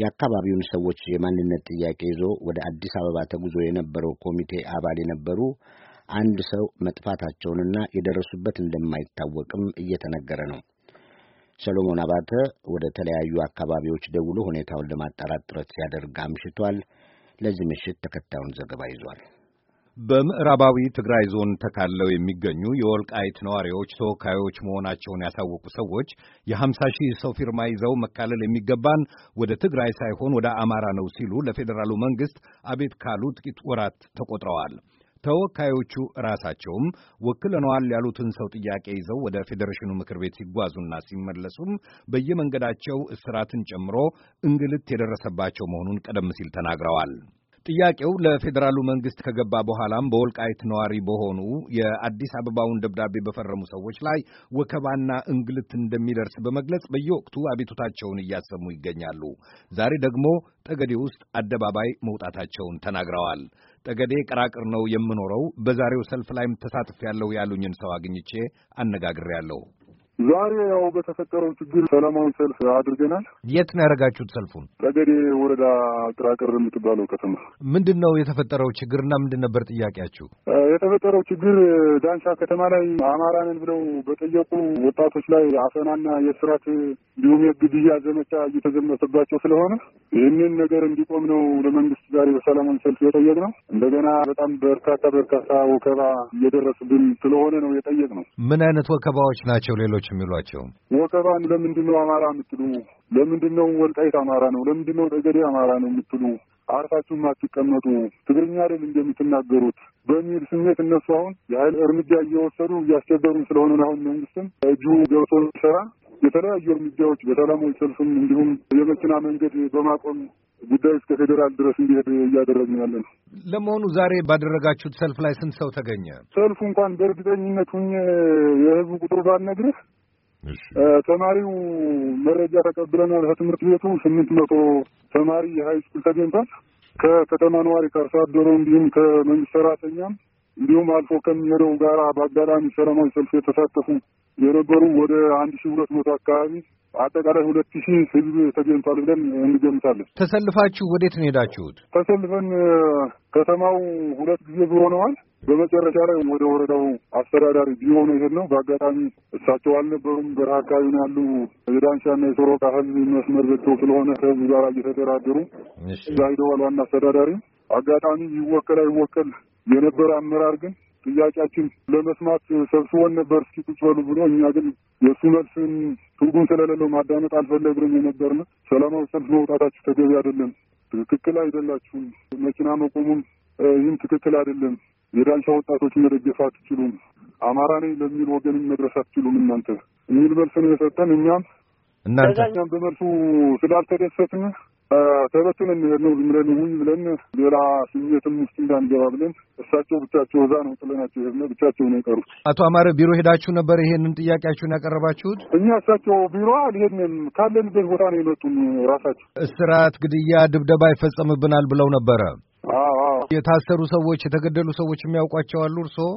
የአካባቢውን ሰዎች የማንነት ጥያቄ ይዞ ወደ አዲስ አበባ ተጉዞ የነበረው ኮሚቴ አባል የነበሩ አንድ ሰው መጥፋታቸውንና የደረሱበት እንደማይታወቅም እየተነገረ ነው። ሰሎሞን አባተ ወደ ተለያዩ አካባቢዎች ደውሎ ሁኔታውን ለማጣራት ጥረት ሲያደርግ አምሽቷል። ለዚህ ምሽት ተከታዩን ዘገባ ይዟል። በምዕራባዊ ትግራይ ዞን ተካለው የሚገኙ የወልቃይት ነዋሪዎች ተወካዮች መሆናቸውን ያሳወቁ ሰዎች የሀምሳ ሺህ ሰው ፊርማ ይዘው መካለል የሚገባን ወደ ትግራይ ሳይሆን ወደ አማራ ነው ሲሉ ለፌዴራሉ መንግስት አቤት ካሉ ጥቂት ወራት ተቆጥረዋል። ተወካዮቹ ራሳቸውም ወክለነዋል ያሉትን ሰው ጥያቄ ይዘው ወደ ፌዴሬሽኑ ምክር ቤት ሲጓዙና ሲመለሱም በየመንገዳቸው እስራትን ጨምሮ እንግልት የደረሰባቸው መሆኑን ቀደም ሲል ተናግረዋል። ጥያቄው ለፌዴራሉ መንግስት ከገባ በኋላም በወልቃይት ነዋሪ በሆኑ የአዲስ አበባውን ደብዳቤ በፈረሙ ሰዎች ላይ ወከባና እንግልት እንደሚደርስ በመግለጽ በየወቅቱ አቤቱታቸውን እያሰሙ ይገኛሉ። ዛሬ ደግሞ ጠገዴ ውስጥ አደባባይ መውጣታቸውን ተናግረዋል። ጠገዴ ቀራቅር ነው የምኖረው። በዛሬው ሰልፍ ላይም ያለው ያሉኝን ሰው አግኝቼ አነጋግሬያለሁ። ዛሬ ያው በተፈጠረው ችግር ሰላማዊ ሰልፍ አድርገናል። የት ነው ያደረጋችሁት ሰልፉን? ጠገዴ ወረዳ ጥራቅር የምትባለው ከተማ። ምንድን ነው የተፈጠረው ችግርና ምንድን ነበር ጥያቄያችሁ? የተፈጠረው ችግር ዳንሻ ከተማ ላይ አማራንን ብለው በጠየቁ ወጣቶች ላይ አፈናና የስራት እንዲሁም የግድያ ዘመቻ እየተዘመተባቸው ስለሆነ ይህንን ነገር እንዲቆም ነው ለመንግስት ዛሬ በሰላማዊ ሰልፍ የጠየቅነው። እንደገና በጣም በርካታ በርካታ ወከባ እየደረሱብን ስለሆነ ነው የጠየቅነው። ምን አይነት ወከባዎች ናቸው? ሌሎች የሚሏቸው ወከባን ለምንድን ነው አማራ የምትሉ? ለምንድን ነው ወልቃይት አማራ ነው? ለምንድን ነው ጠገዴ አማራ ነው የምትሉ አርፋችሁም አትቀመጡ፣ ትግርኛ አይደል እንደምትናገሩት በሚል ስሜት እነሱ አሁን የኃይል እርምጃ እየወሰዱ እያስቸገሩን ስለሆነ አሁን መንግስትም እጁ ገብቶ ሰራ የተለያዩ እርምጃዎች በሰላማዊ ሰልፍም እንዲሁም የመኪና መንገድ በማቆም ጉዳይ እስከ ፌዴራል ድረስ እንዲሄድ እያደረግን ያለ ነው። ለመሆኑ ዛሬ ባደረጋችሁት ሰልፍ ላይ ስንት ሰው ተገኘ? ሰልፉ እንኳን በእርግጠኝነት ሁኜ የህዝቡ ቁጥር ባልነግርህ ተማሪው መረጃ ተቀብለናል። ከትምህርት ቤቱ ስምንት መቶ ተማሪ የሀይ ስኩል ተገኝቷል። ከከተማ ነዋሪ ከአርሶ አደሩ እንዲሁም ከመንግስት ሰራተኛም እንዲሁም አልፎ ከሚሄደው ጋር በአጋጣሚ ሰላማዊ ሰልፍ የተሳተፉ የነበሩ ወደ አንድ ሺ ሁለት መቶ አካባቢ አጠቃላይ ሁለት ሺህ ህዝብ ተገኝቷል ብለን እንገምታለን። ተሰልፋችሁ ወዴት ነው ሄዳችሁት? ተሰልፈን ከተማው ሁለት ጊዜ ዙር ሆነዋል። በመጨረሻ ላይ ወደ ወረዳው አስተዳዳሪ ቢሆኑ ይሄድ ነው። በአጋጣሚ እሳቸው አልነበሩም። በረሃ አካባቢ ነው ያሉ የዳንሻና የሶሮቃ ህዝብ መስመር ዘግቶ ስለሆነ ከህዝብ ጋር እየተደራደሩ እዛ ሂደዋል። ዋና አስተዳዳሪ አጋጣሚ ይወከል አይወከል የነበረ አመራር ግን ጥያቄያችን ለመስማት ሰብስቦን ነበር። እስኪ ቁጭ በሉ ብሎ እኛ ግን የእሱ መልስን ትርጉም ስለሌለው ማዳመጥ አልፈለግንም የነበርነ ሰላማዊ ሰልፍ መውጣታችሁ ተገቢ አይደለም፣ ትክክል አይደላችሁም፣ መኪና መቆሙም ይህም ትክክል አይደለም የዳንሻ ወጣቶች መደገፍ አትችሉም፣ አማራ ነኝ ለሚል ወገንም መድረስ አትችሉም እናንተ የሚል መልስ ነው የሰጠን። እኛም እናንተ በመልሱ ስላልተደሰትን ተበትነን ነው ብለን ውይ ብለን ሌላ ስሜትም ውስጥ እንዳንገባ ብለን እሳቸው ብቻቸው እዛ ነው ጥለናቸው ሄድነ። ብቻቸው ነው የቀሩት። አቶ አማረ ቢሮ ሄዳችሁ ነበር ይሄንን ጥያቄያችሁን ያቀረባችሁት? እኛ እሳቸው ቢሮ አልሄድንም፣ ካለንበት ቦታ ነው የመጡን። ራሳቸው እስራት፣ ግድያ፣ ድብደባ ይፈጸምብናል ብለው ነበረ። የታሰሩ ሰዎች የተገደሉ ሰዎች የሚያውቋቸው አሉ እርስዎ?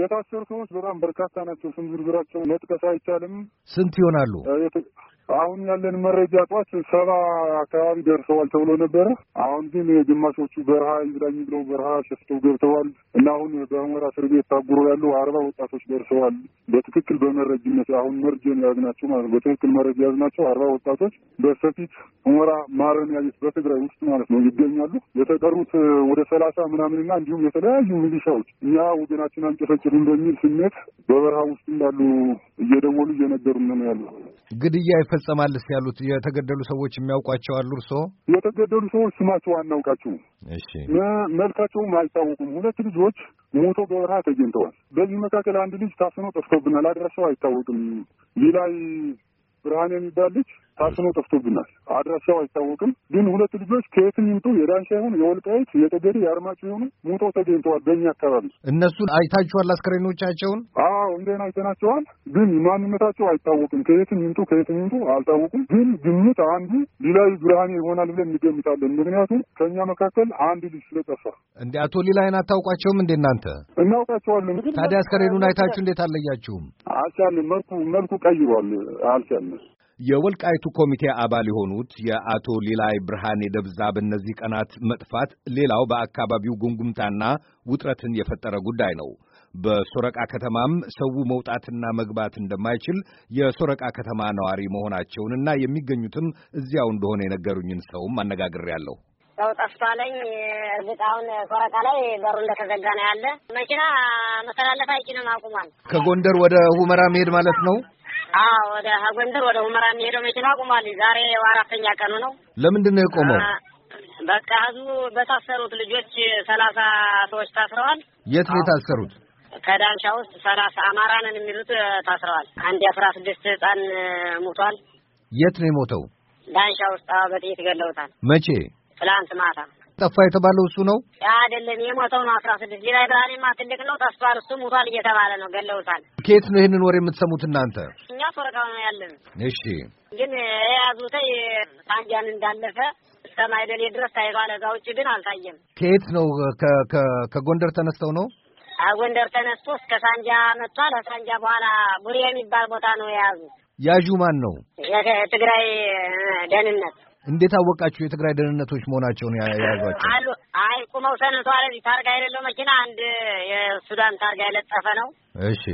የታሰሩ ሰዎች በጣም በርካታ ናቸው። ስም ዝርዝራቸውን መጥቀስ አይቻልም። ስንት ይሆናሉ? አሁን ያለን መረጃ ጠዋት ሰባ አካባቢ ደርሰዋል ተብሎ ነበረ። አሁን ግን ግማሾቹ በረሃ ይብላኝ ብለው በረሃ ሸፍተው ገብተዋል እና አሁን በሁመራ እስር ቤት ታጉሮ ያሉ አርባ ወጣቶች ደርሰዋል። በትክክል በመረጅነት አሁን መርጀን ያዝናቸው ማለት በትክክል መረጃ ያዝናቸው አርባ ወጣቶች በሰፊት ሁመራ ማረሚያ ቤት በትግራይ ውስጥ ማለት ነው ይገኛሉ። የተቀሩት ወደ ሰላሳ ምናምንና እንዲሁም የተለያዩ ሚሊሻዎች እኛ ወገናችን አንጨፈጭፉም በሚል ስሜት በበረሃ ውስጥ እንዳሉ እየደወሉ እየነገሩ ነው ያሉ ግድያ ይፈጸማልስ ያሉት የተገደሉ ሰዎች የሚያውቋቸው አሉ? እርስዎ የተገደሉ ሰዎች ስማቸው አናውቃቸው፣ መልካቸውም አይታወቁም። ሁለት ልጆች ሞቶ በበረሃ ተገኝተዋል። በዚህ መካከል አንድ ልጅ ታፍኖ ጠፍቶብናል፣ አድራሻው አይታወቅም። ሌላይ ብርሃን የሚባል ልጅ ታስኖ ጠፍቶብናል። አድራሻው አይታወቅም። ግን ሁለት ልጆች ከየትም ይምጡ የዳንሻ ይሁን የወልቃይት የጠገዴ የአርማጭ የሆኑ ሙቶ ተገኝተዋል። በእኛ አካባቢ እነሱን አይታችኋል? አስከሬኖቻቸውን? አዎ እንዴን አይተናቸዋል። ግን ማንነታቸው አይታወቅም። ከየትም ይምጡ ከየትም ይምጡ አልታወቁም። ግን ግምት አንዱ ሊላዊ ብርሃኔ ይሆናል ብለን እንገምታለን። ምክንያቱም ከእኛ መካከል አንድ ልጅ ስለጠፋ። እንደ አቶ ሊላይን አታውቋቸውም እንዴ እናንተ? እናውቃቸዋለን። ታዲያ አስከሬኑን አይታችሁ እንዴት አለያችሁም? አልቻልን። መልኩ መልኩ ቀይሯል። አልቻልን። የወልቃይቱ ኮሚቴ አባል የሆኑት የአቶ ሊላይ ብርሃኔ ደብዛ በእነዚህ ቀናት መጥፋት ሌላው በአካባቢው ጉንጉምታና ውጥረትን የፈጠረ ጉዳይ ነው። በሶረቃ ከተማም ሰው መውጣትና መግባት እንደማይችል የሶረቃ ከተማ ነዋሪ መሆናቸውንና የሚገኙትም እዚያው እንደሆነ የነገሩኝን ሰውም አነጋግሬያለሁ። ሰው ጠፍቷለኝ። እርግጥ አሁን ኮረቃ ላይ በሩ እንደተዘጋ ነው ያለ። መኪና መተላለፍ አይችልም፣ አቁሟል። ከጎንደር ወደ ሁመራ መሄድ ማለት ነው አዎ ወደ ጎንደር ወደ ሁመራ የሚሄደው መኪና ቆሟል። ዛሬ አራተኛ ቀኑ ነው። ለምንድን ነው የቆመው? በቃ ህዝቡ በታሰሩት ልጆች ሰላሳ ሰዎች ታስረዋል። የት ነው የታሰሩት? ከዳንሻ ውስጥ ሰላሳ አማራንን የሚሉት ታስረዋል። አንድ የአስራ ስድስት ህጻን ሞቷል። የት ነው የሞተው? ዳንሻ ውስጥ በጥይት ገለውታል። መቼ? ትላንት ማታ ጠፋ የተባለው እሱ ነው አይደለም? የሞተው ነው። አስራ ስድስት ጅራይ ብርሃኔማ ትልቅ ነው ተስፋር እሱ ሙቷል እየተባለ ነው። ገለውታል። ከየት ነው ይህንን ወሬ የምትሰሙት እናንተ? እኛ ፈረቃ ነው ያለን። እሺ፣ ግን የያዙት ሳንጃን እንዳለፈ እስከ ማይደሌ ድረስ ታይቷል። እዛ ውጭ ግን አልታየም። ከየት ነው? ከጎንደር ተነስተው ነው ጎንደር ተነስቶ እስከ ሳንጃ መጥቷል። ከሳንጃ በኋላ ቡሬ የሚባል ቦታ ነው የያዙ። ያዡ ማን ነው? ትግራይ ደህንነት እንዴት አወቃችሁ የትግራይ ደህንነቶች መሆናቸውን የያዟቸው? አይ ቁመው ሰንተዋል። አለ ታርጋ የሌለው መኪና አንድ የሱዳን ታርጋ የለጠፈ ነው። እሺ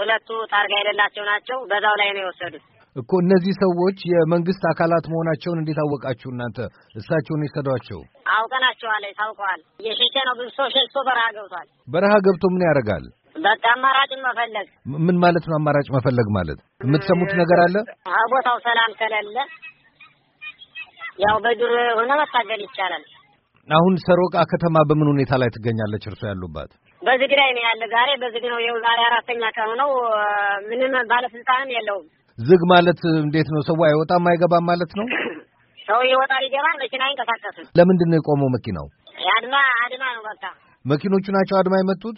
ሁለቱ ታርጋ የሌላቸው ናቸው። በዛው ላይ ነው የወሰዱት እኮ እነዚህ ሰዎች የመንግስት አካላት መሆናቸውን እንዴት አወቃችሁ እናንተ? እሳቸውን የሰዷቸው አውቀናቸዋል፣ ታውቀዋል። የሸሸ ነው ብዙ ሰው ሸሽቶ በረሃ ገብቷል። በረሃ ገብቶ ምን ያደርጋል? በቃ አማራጭን መፈለግ። ምን ማለት ነው አማራጭ መፈለግ ማለት? የምትሰሙት ነገር አለ። ቦታው ሰላም ከሌለ ያው በዱር ሆነ መታገል ይቻላል። አሁን ሰሮቃ ከተማ በምን ሁኔታ ላይ ትገኛለች? እርሶ ያሉባት በዝግ ላይ ነው ያለ። ዛሬ በዝግ ነው። ይኸው ዛሬ አራተኛ ቀኑ ነው። ምንም ባለስልጣንም የለውም። ዝግ ማለት እንዴት ነው? ሰው አይወጣም አይገባም ማለት ነው? ሰው ይወጣል ይገባል፣ መኪና አይንቀሳቀስም። ለምንድን ነው የቆመው መኪናው? አድማ አድማ ነው በቃ። መኪኖቹ ናቸው አድማ የመጡት።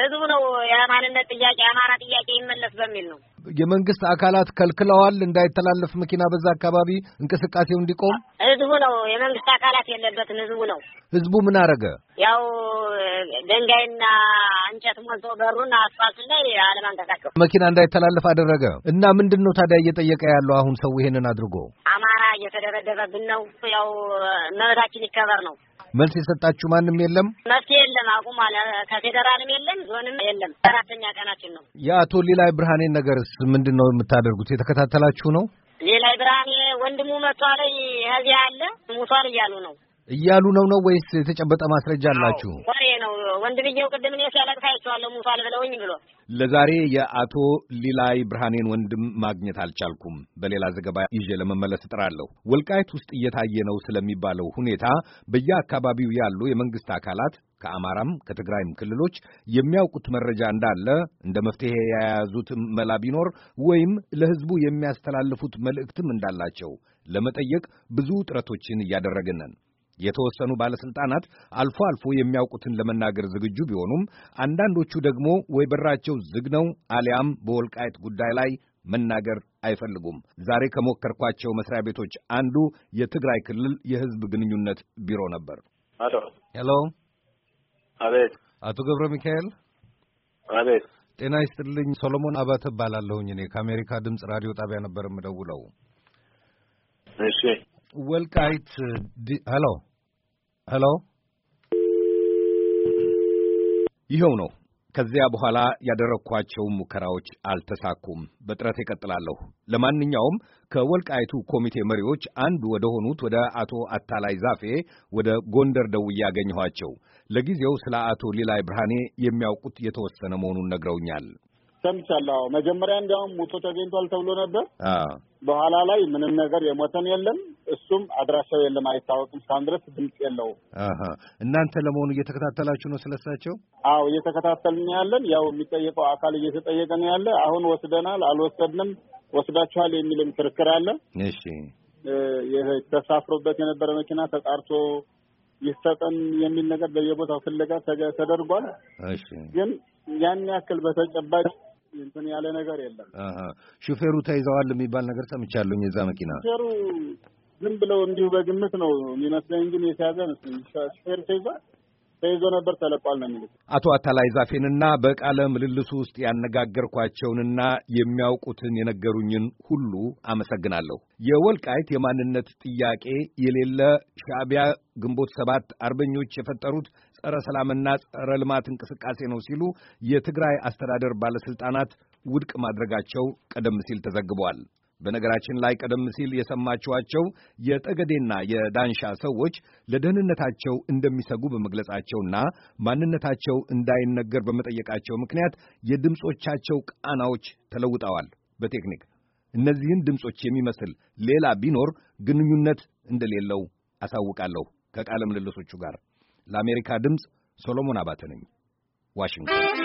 ህዝቡ ነው የማንነት ጥያቄ የአማራ ጥያቄ ይመለስ በሚል ነው። የመንግስት አካላት ከልክለዋል እንዳይተላለፍ መኪና በዛ አካባቢ እንቅስቃሴው እንዲቆም ህዝቡ ነው። የመንግስት አካላት የለበትም ህዝቡ ነው። ህዝቡ ምን አደረገ? ያው ድንጋይና እንጨት ሞልቶ በሩን አስፋልት ላይ አለም አንቀሳቀሱ መኪና እንዳይተላለፍ አደረገ እና ምንድን ነው ታዲያ እየጠየቀ ያለው አሁን ሰው ይሄንን አድርጎ እየተደረደረብን ነው። ያው መብታችን ይከበር ነው። መልስ የሰጣችሁ ማንም የለም። መፍትሄ የለም። አለ። ከፌደራልም የለም፣ ዞንም የለም። አራተኛ ቀናችን ነው። የአቶ ሌላ ብርሃኔን ነገርስ ምንድን ነው የምታደርጉት? የተከታተላችሁ ነው? ሌላይ ብርሃኔ ወንድሙ መቷ ላይ ያለ ሙቷል እያሉ ነው እያሉ ነው ነው ወይስ የተጨበጠ ማስረጃ አላችሁ? ወሬ ነው። ወንድምየው ቅድም እኔ ሲያለቅስ አይቼዋለሁ ሙቷል ብለውኝ ብሎ። ለዛሬ የአቶ ሊላይ ብርሃኔን ወንድም ማግኘት አልቻልኩም። በሌላ ዘገባ ይዤ ለመመለስ እጥራለሁ። ወልቃይት ውስጥ እየታየ ነው ስለሚባለው ሁኔታ በየአካባቢው ያሉ የመንግስት አካላት ከአማራም ከትግራይም ክልሎች የሚያውቁት መረጃ እንዳለ እንደ መፍትሄ የያዙት መላ ቢኖር ወይም ለህዝቡ የሚያስተላልፉት መልእክትም እንዳላቸው ለመጠየቅ ብዙ ጥረቶችን እያደረግን ነን። የተወሰኑ ባለሥልጣናት አልፎ አልፎ የሚያውቁትን ለመናገር ዝግጁ ቢሆኑም አንዳንዶቹ ደግሞ ወይ በራቸው ዝግ ነው አሊያም በወልቃይት ጉዳይ ላይ መናገር አይፈልጉም። ዛሬ ከሞከርኳቸው መስሪያ ቤቶች አንዱ የትግራይ ክልል የሕዝብ ግንኙነት ቢሮ ነበር። አሎ፣ ሄሎ። አቤት። አቶ ገብረ ሚካኤል። አቤት። ጤና ይስጥልኝ። ሶሎሞን አባተ እባላለሁኝ። እኔ ከአሜሪካ ድምፅ ራዲዮ ጣቢያ ነበር የምደውለው። እሺ። ወልቃይት ሄሎ ሄሎ ይኸው ነው። ከዚያ በኋላ ያደረግኳቸው ሙከራዎች አልተሳኩም። በጥረት ይቀጥላለሁ። ለማንኛውም ከወልቃይቱ ኮሚቴ መሪዎች አንዱ ወደ ሆኑት ወደ አቶ አታላይ ዛፌ ወደ ጎንደር ደውዬ ያገኘኋቸው፣ ለጊዜው ስለ አቶ ሊላይ ብርሃኔ የሚያውቁት የተወሰነ መሆኑን ነግረውኛል። ሰምቻለሁ። መጀመሪያ እንዲያውም ሙቶ ተገኝቷል ተብሎ ነበር። በኋላ ላይ ምንም ነገር የሞተን የለም እሱም አድራሻው የለም አይታወቅም። እስካሁን ድረስ ድምፅ የለውም። እናንተ ለመሆኑ እየተከታተላችሁ ነው ስለሳቸው? አዎ እየተከታተልን ያለን ያው የሚጠየቀው አካል እየተጠየቀ ነው ያለ። አሁን ወስደናል፣ አልወሰድንም፣ ወስዳችኋል የሚልም ክርክር አለ። እሺ ተሳፍሮበት የነበረ መኪና ተጣርቶ ይሰጠን የሚል ነገር በየቦታው ፍለጋ ተደርጓል። ግን ያን ያክል በተጨባጭ እንትን ያለ ነገር የለም። ሹፌሩ ተይዘዋል የሚባል ነገር ሰምቻለሁ። የዛ መኪና ሹፌሩ ዝም ብለው እንዲሁ በግምት ነው የሚመስለኝ እንጂ የተያዘ መስለኝ ሹፌር ተይዞ ተይዞ ነበር ተለቋል ነው የሚሉት አቶ አታላይ ዛፌንና በቃለ ምልልሱ ውስጥ ያነጋገርኳቸውንና የሚያውቁትን የነገሩኝን ሁሉ አመሰግናለሁ። የወልቃይት የማንነት ጥያቄ የሌለ ሻዕቢያ ግንቦት ሰባት አርበኞች የፈጠሩት ጸረ ሰላምና ጸረ ልማት እንቅስቃሴ ነው ሲሉ የትግራይ አስተዳደር ባለስልጣናት ውድቅ ማድረጋቸው ቀደም ሲል ተዘግቧል። በነገራችን ላይ ቀደም ሲል የሰማችኋቸው የጠገዴና የዳንሻ ሰዎች ለደህንነታቸው እንደሚሰጉ በመግለጻቸውና ማንነታቸው እንዳይነገር በመጠየቃቸው ምክንያት የድምፆቻቸው ቃናዎች ተለውጠዋል። በቴክኒክ እነዚህን ድምፆች የሚመስል ሌላ ቢኖር ግንኙነት እንደሌለው አሳውቃለሁ። ከቃለ ምልልሶቹ ጋር ለአሜሪካ ድምፅ ሶሎሞን አባተ ነኝ ዋሽንግተን